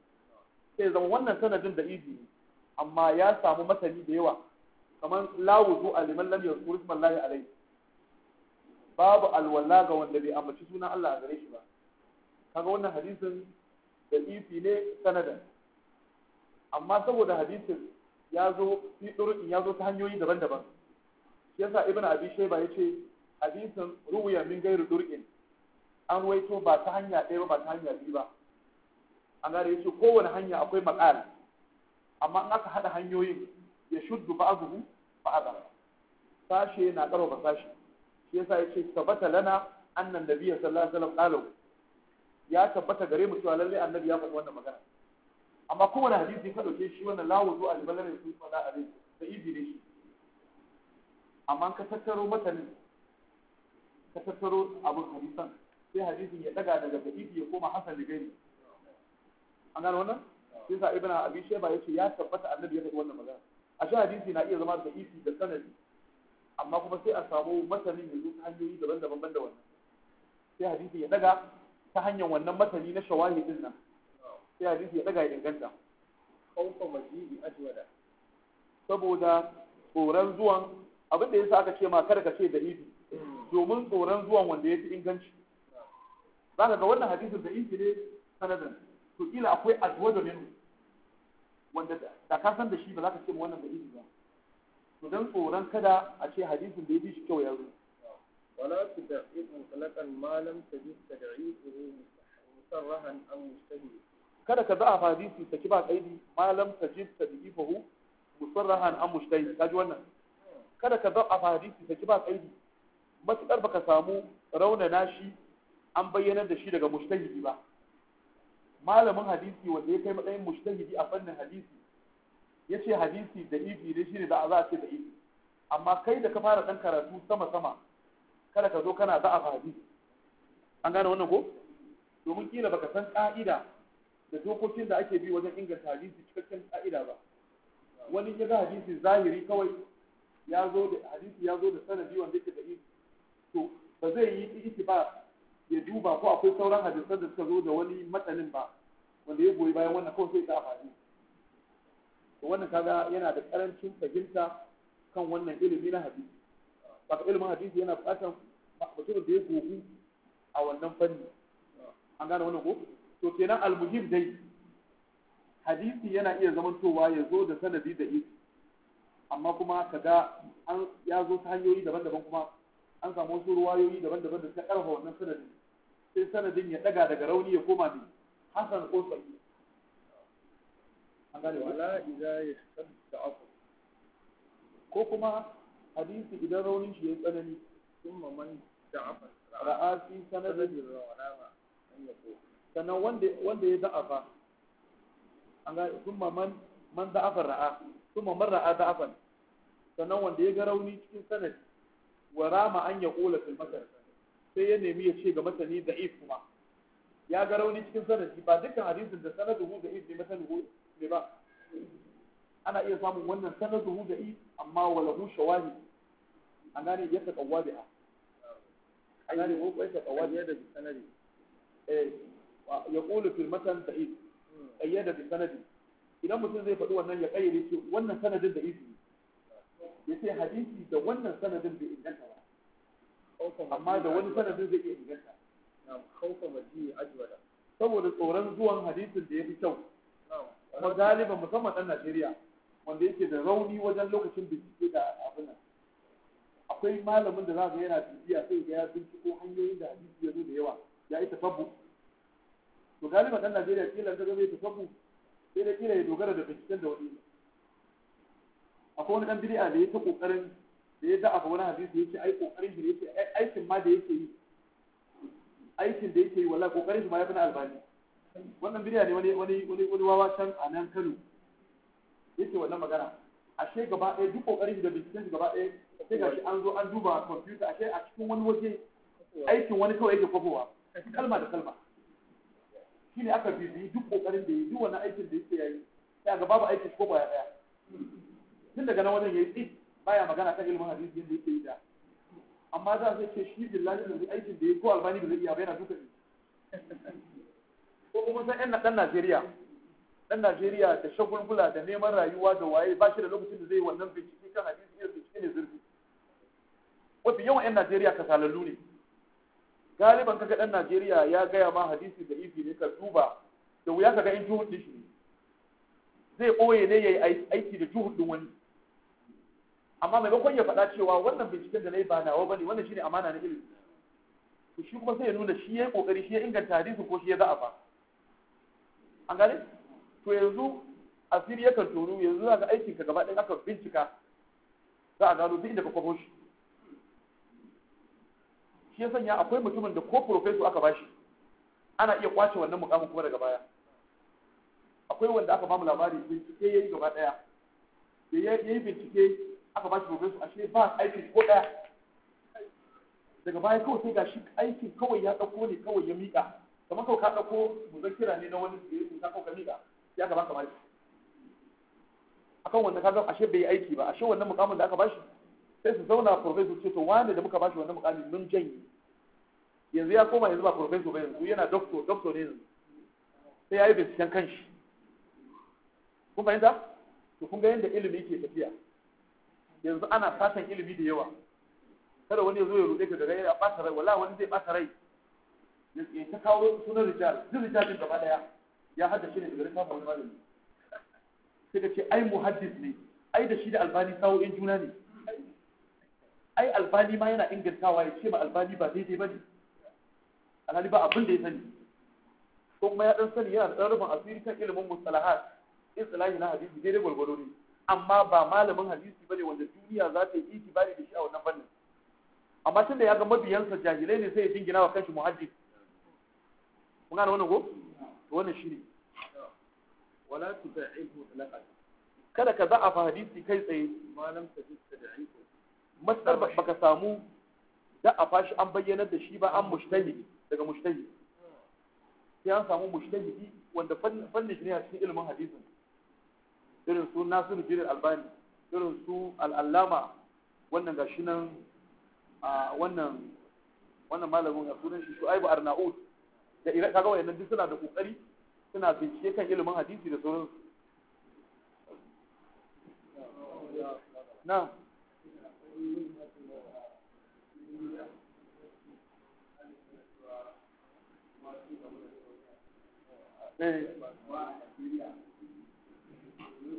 sai zama wannan sanadin da izi amma ya samu matani da yawa kamar lawu zu aliman lam yazkur ismallahi alai babu alwala ga wanda bai ambaci sunan Allah a gare shi ba kaga wannan hadisin da ifi ne sanadan amma saboda hadisin ya zo fi durin ya zo ta hanyoyi daban-daban yasa ibn abi shayba yace hadisin ruwiya min gairu dur'in an waito ba ta hanya ɗaya ba ta hanya biyu ba an gane yake kowane hanya akwai maƙala. amma in aka haɗa hanyoyin ya shuddu a ba'dha sashe na ba sashe shi yasa yace tabbata lana annan nabiyyu sallallahu alaihi wasallam qalu ya tabbata gare mu cewa lallai annabi ya faɗi wannan magana amma kowane hadisi ka dauke shi wannan lawo zuwa albalare su za a rai da izini shi amma ka tattaro matanin ka tattaro abin hadisan sai hadisin ya daga daga da'ifi ya koma hasan da gani an gano wannan sai sa ibn abi ya yace ya tabbata annabi ya faɗi wannan magana a shi hadisi na iya zama da da'ifi da sanadi amma kuma sai a samu masanin yanzu ta hanyoyi daban-daban banda wannan sai hadisi ya daga ta hanyar wannan masani na shawahi din nan sai hadisi ya daga ya inganta kaufa majibi ajwada saboda tsoron zuwan abin da yasa aka ce ma kada ka ce da ibi domin tsoron zuwan wanda ya fi inganci za ga wannan hadisin da inji ne sanadin to ila akwai adwado min wanda da ka san da shi ba za ka ce wannan da inji ba to dan tsoron kada a ce hadisin da ya bi shi kyau ya zo ولا da مطلقا ما لم تجد تدعيه مصرحا am مجتهدا kada ka za'a hadisi saki ba kaidi ma lam tajid tadhifahu musarrahan am mujtahid kaji wannan kada ka za'a hadisi saki ba kaidi matukar baka samu raunana shi an bayyanar da shi daga mujtahidi ba malamin hadisi wanda ya kai matsayin mujtahidi a fannin hadisi ya ce hadisi da ibi ne shine da za a ce da ibi amma kai da ka fara dan karatu sama sama kada ka zo kana za a hadisi an gane wannan ko domin kila baka san ka'ida da dokokin da ake bi wajen inganta hadisi cikakken ka'ida ba wani ya ga hadisi zahiri kawai ya zo da hadisi ya zo da sanadi wanda yake da ibi to ba zai yi ba. ya duba ko akwai sauran hadisan da suka zo da wani matsalin ba wanda ya goyi bayan wannan kawai sai ta amfani to wannan kaga yana da karancin fahimta kan wannan ilimi na hadisi baka ilimin hadisi yana bukatar mutumin da ya gogu a wannan fanni an gane wannan ko to kenan almuhim dai hadisi yana iya zamantowa ya zo da sanadi da ita. amma kuma kaga an ya zo ta hanyoyi daban-daban kuma an samu wasu ruwayoyi daban-daban da suka karfa wannan sanadin sai sanadin ya daga daga rauni ya koma ne hasan ko sa'i an gane wala idza afu ko kuma hadisi idan raunin shi ya tsanani thumma man da'afa ra'a fi sanadin rawana sannan wanda wanda ya da'afa an ga thumma man man da'afa ra'a thumma man ra'a da'afan sannan wanda ya ga rauni cikin sanadi wa rama an ya ƙola fil masar sai ya nemi ya ce ga masani da if kuma ya ga rauni cikin sanadi ba dukkan hadisin da sanaduhu da if ne masanuhu ne ba ana iya samun wannan sanaduhu da if amma walahu shawahi an gane ya ta kawwa bi'a an gane ko ya ta kawwa bi'a da sanadi eh ya ƙola fil matan da if ayyada bi sanadi idan mutum zai faɗi wannan ya ƙayyade ce wannan sanadin da ne. yace hadisi da wannan sanadin bai inganta ba amma da wani sanadin zai inganta na'am khawfa maji ajwada saboda tsoron zuwan hadisin da ya fi kyau kuma galiba musamman ɗan Najeriya wanda yake da rauni wajen lokacin bincike da abin nan akwai malamin da za ga yana bibiya sai ga ya binciko hanyoyin da hadisi ya zo da yawa ya yi tafabbu to galiba ɗan Najeriya kila ga ya tafabbu sai da kila ya dogara da binciken da wani akwai wani dan bid'a da ya ta kokarin da ya da'afa wani hadisi yace ai kokarin shi yace aikin ma da yake yi aikin da yake yi wallahi kokarin shi ma yafi na albani wannan bid'a ne wani wani wani wawa can a nan Kano yace wannan magana ashe gaba ɗaya duk kokarin shi da binciken shi gaba ɗaya sai shi an zo an duba computer ashe a cikin wani waje aikin wani kawai yake kwafowa kalma da kalma ne aka bibiyi duk kokarin da ya yi duk wani aikin da yake yayi sai ga babu aikin ko ya ɗaya tun daga nan wajen yayi tsit eh, baya magana kan ilimin hadisi yadda yake yi da amma za zai ce shi billahi da aikin da ya ko albani da zai iya ba yana duka shi ko kuma san yan dan Najeriya dan Najeriya da shagulgula da neman rayuwa da waye ba shi da lokacin da zai wannan bincike kan hadisi irin bincike ne zurfi wafi yawan yan Najeriya kasalallu ne galiban kaga dan Najeriya ya gaya ma hadisi da ifi ne ka duba da wuya kaga in juhud shi shi zai ɓoye ne yayi aiki da juhud wani amma maimakon ya faɗa cewa wannan binciken da na yi ba nawa ne wannan shine amana na ilimi to shi kuma sai ya nuna shi ya yi ƙoƙari shi ya inganta hadisi ko shi ya ba. an gane to yanzu asiri kan toru yanzu za ka aikin ka gaba ɗaya aka bincika za a gano duk inda ka kwabo shi shi ya sanya akwai mutumin da ko profesor aka bashi ana iya kwace wannan mukamin kuma daga baya akwai wanda aka bamu labari bincike ya yi gaba ɗaya da ya yi bincike aka ba shi gobe ashe ba aikin ko ɗaya daga baya kawai sai gashi aikin kawai ya ɗauko ne kawai ya miƙa kamar kawai ka ɗauko muzakkira ne na wani da ka kawai ka miƙa ya ka baka bashi akan wannan kaga ashe bai aiki ba ashe wannan mukamin da aka bashi sai su zauna professor ce to wane da muka bashi wannan mukamin mun janye yanzu ya koma yanzu ba professor ba yanzu yana doctor doctor ne yanzu sai ya yi binciken kanshi kun fahimta to kun ga yadda ilimi ke tafiya yanzu ana fatan ilimi da yawa kada wani ya zo ya rude ka daga ya ɓata rai wala wani zai ɓata rai ya ta kawo sunan rijal rijal din gaba daya ya shi ne daga littafin wani malami sai ka ce ai muhaddis ne ai da shi da albani in juna ne ai albani ma yana ingantawa ya ce ma albani ba daidai ba ne alhali ba abin da ya sani kuma ya dan sani yana da rubun asiri kan ilimin mustalahat islahi na hadisi daidai gwargwaro ne amma ba malamin hadisi bane wanda duniya za ta yi itibari da shi a wannan fannin amma tunda ya ga mabiyansa jahilai ne sai ya jingina wa kanshi muhaddis kun gane wannan ko to wannan shine wala tudaihu laqad kada ka za'a fa hadisi kai tsaye malam da tadaihu masar baka samu da a fashi an bayyana da shi ba an mushtahidi daga mushtahidi sai an samu mushtahidi wanda fannin shi ne a cikin ilimin hadisin irin su nasiru jirin albani irin su al'allama wannan gashinan nan a wannan wannan malamin ya sunan shi shu'aibu arnaud da ira kaga wayannan duk suna da kokari suna bincike kan ilimin hadisi da sauransu na Eh.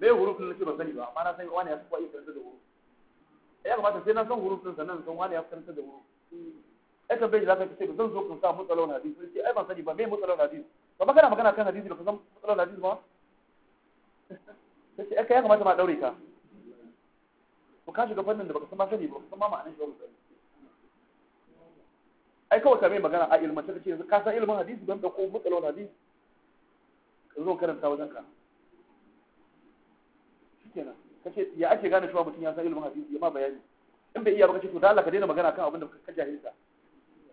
me huruf din nake ba sani ba amma na san wani ya fi iya karanta da huruf eh, ya kamata sai na san huruf din sannan san wani ya fi karanta da ka ai tambaye shi zaka ce zan zo kun sa mutsalon hadisi sai ai ban sani ba me mutsalon hadisi ba magana magana kan hadisi ba ka san mutsalon hadisi ba sai Ka ya kamata ma daure ka Ko ka shiga fannin da baka san ma sani ba san ma ma'anar shi ba misali ai kawai ka mai magana a ilmance kace yanzu ka san ilmin hadisi ban da ko mutsalon hadisi ka zo karanta wajen ka kenan kace ya ake gane cewa mutum ya san ilimin hadisi ya ma bayani in bai iya ba kace to da Allah ka daina magana kan abin da ka jahilta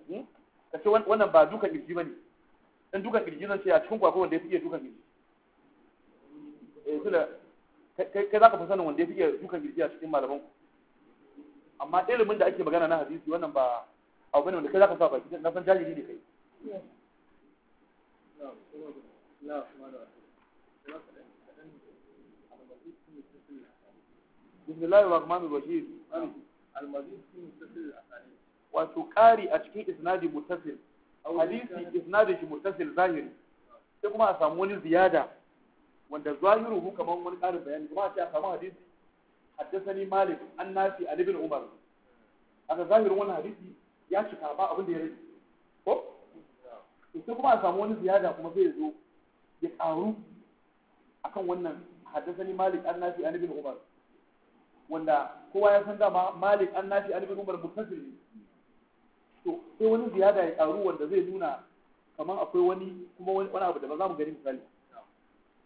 hmm? kace wannan ba dukan kirji bane dan dukan kirji zan ce a cikin kwakwa wanda ya fi iya dukan kirji eh tunda kai za ka fi sanin wanda ya fi iya dukan kirji a cikin malaman ku amma ilimin da ake magana na hadisi wannan ba abu bane wanda kai za ka sa baki na san jahili ne kai بسم الله الرحمن الرحيم المزيد قاري اشكي اسنادي متصل حديث اسنادي متصل ظاهري sai kuma a samu wani ziyada wanda zuwa kamar wani ƙarin bayani kuma a samu hadisi haddasani malik an nafi a libin umar a ga wani hadisi ya cika ba abin da ya rage ko? sai kuma a samu wani ziyada kuma zai zo ya ƙaru akan wannan haddasani malik an nafi a libin umar wanda kowa ya san dama malik an nafi alibin umar mutasir ne to sai wani ziyada ya karu wanda zai nuna kamar akwai wani kuma wani abu da ba za mu gani misali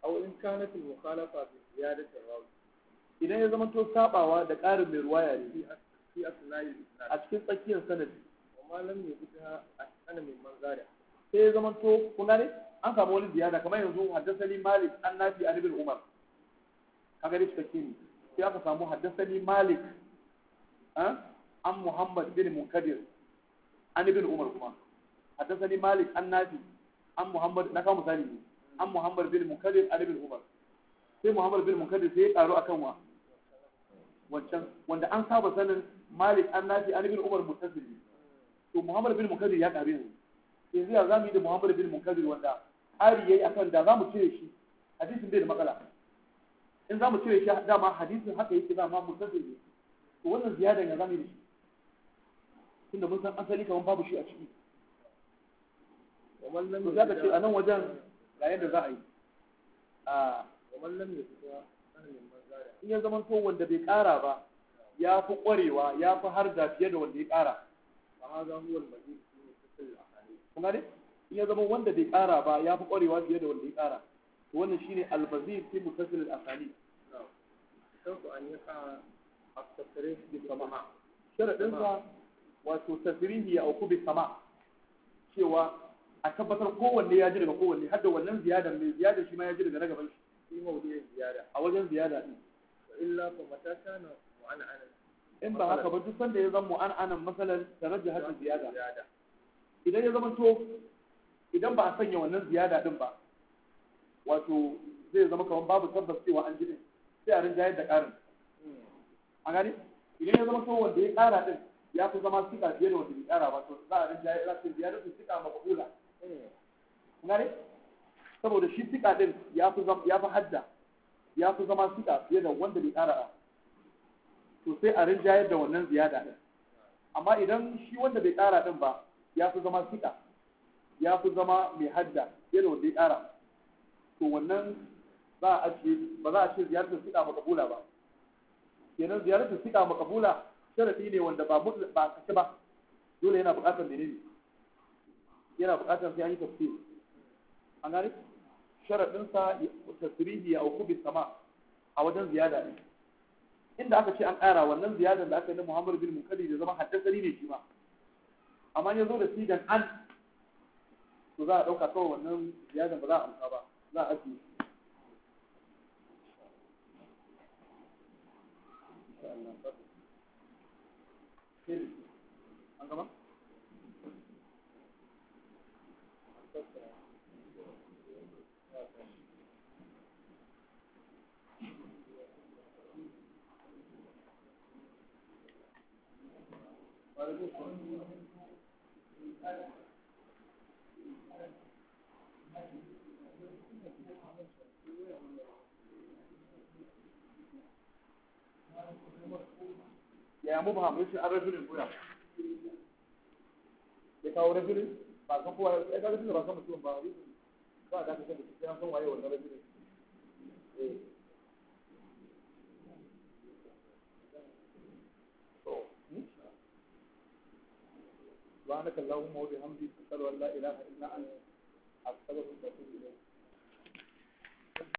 a wurin kanatin mukhalafa bi ziyadatin rawi idan ya zama to sabawa da ƙarin mai ruwaya ne a cikin tsakiyar sanadi amma fita a asana mai manzara sai ya zama to kun gane an samu wani ziyada kamar yanzu haddasani malik an nafi alibin umar kaga dai cikakke sai aka samu haddasani malik ah, an muhammad bin munkadir an ibn umar kuma haddasani malik an nafi an muhammad na kawo misali ne an muhammad bin munkadir an ibn umar sai muhammad bin munkadir sai ya karu akan wa wancan wanda an saba sanin malik an nafi an ibn umar mutasili to muhammad bin munkadir ya karu yanzu yanzu ya zamu yi da muhammad bin munkadir wanda ƙari yi akan da za mu cire shi hadisin bai da matsala in za mu ce shi dama hadisin haka yake dama mu san ne to wannan ziyada ya zamu yi da mun san asali kaman babu shi a ciki za ka ce a nan wajen ga yadda za a yi a in ya zama to wanda bai ƙara ba ya fi ƙwarewa ya fi har da fiye da wanda ya ƙara Kuma ne? in ya zama wanda bai ƙara ba ya fi ƙwarewa fiye da wanda ya ƙara to wannan shine al-bazir fi mutasil al-asali sauku an yaka at-tasrih bi sama sharadin sa wato tasrihi ya auku bi sama cewa a tabbatar kowanne ya ji daga kowanne hadda wannan ziyada mai ziyada shi ma ya ji daga na gaban shi mawdu'in ziyada a wajen ziyada din illa fa mata kana mu'ana in ba haka ba duk sanda ya zama mu'ana anan masalan hadda ziyada idan ya zama to idan ba a sanya wannan ziyada din ba wato zai zama kamar babu tabbas cewa an ji ne sai a rinjayar da karin a gani idan ya zama to wanda ya kara din ya fi zama sika fiye da wanda bai kara ba to za a rinjayar da ya rufe sika a gani saboda shi sika din ya fi ya fi hadda ya fi zama sika fiye da wanda bai kara ba to sai a rinjayar da wannan ziyada din amma idan shi wanda bai kara din ba ya fi zama sika ya fi zama mai hadda fiye da wanda ya kara to wannan ba a ce ba za a ce ziyartar siƙa makabula ba kenan ziyartar siƙa makabula sharafi ne wanda ba mutla ba kace ba dole yana buƙatar ne. yana buƙatar sai an yi tafsir an gane sharadin sa ya auku bi sama a wajen ziyada ne inda aka ce an ƙara wannan ziyadan da aka yi na Muhammadu bin Munkadir da zama haddasari ne shi ma amma ya zo da sigan an to za a ɗauka kawai wannan ziyadan ba za a amsa ba لا أدري إن شاء الله خير Thank you. يعني مبهم مش الرجل الفلاني ده هو رجل بعد ما هو ده رجل بعد ما تكون بعد ده ده كده كده هو ايوه ده رجل ايه سبحانك اللهم وبحمدك اشهد ان لا اله الا انت استغفرك واتوب اليك